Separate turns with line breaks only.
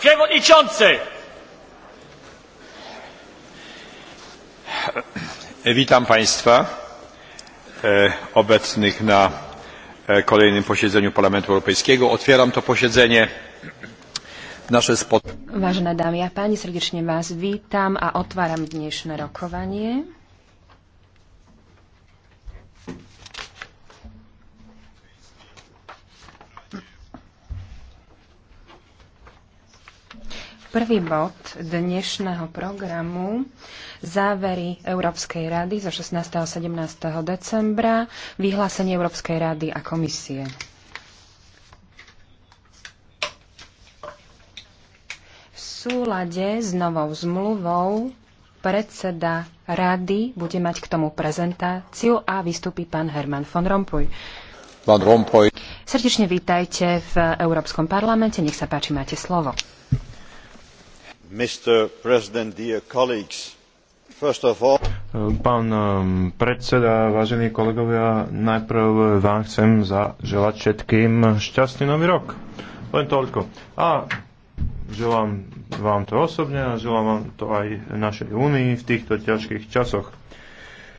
przewodniczący!
Witam Państwa e, obecnych na e, kolejnym posiedzeniu Parlamentu Europejskiego. Otwieram to posiedzenie. Nasze spotkanie.
Vážené dámy a páni, srdečne vás vítam a otváram dnešné rokovanie. Prvý bod dnešného programu závery Európskej rady zo 16. a 17. decembra, vyhlásenie Európskej rady a komisie. V súlade s novou zmluvou predseda rady bude mať k tomu prezentáciu a vystúpi pán Herman von Rompuy.
Rompuy.
Srdečne vítajte v Európskom parlamente, nech sa páči, máte slovo.
Pán um, predseda, vážení kolegovia, najprv vám chcem zaželať všetkým šťastný nový rok. Len toľko. A želám vám to osobne a želám vám to aj našej únii v týchto ťažkých časoch.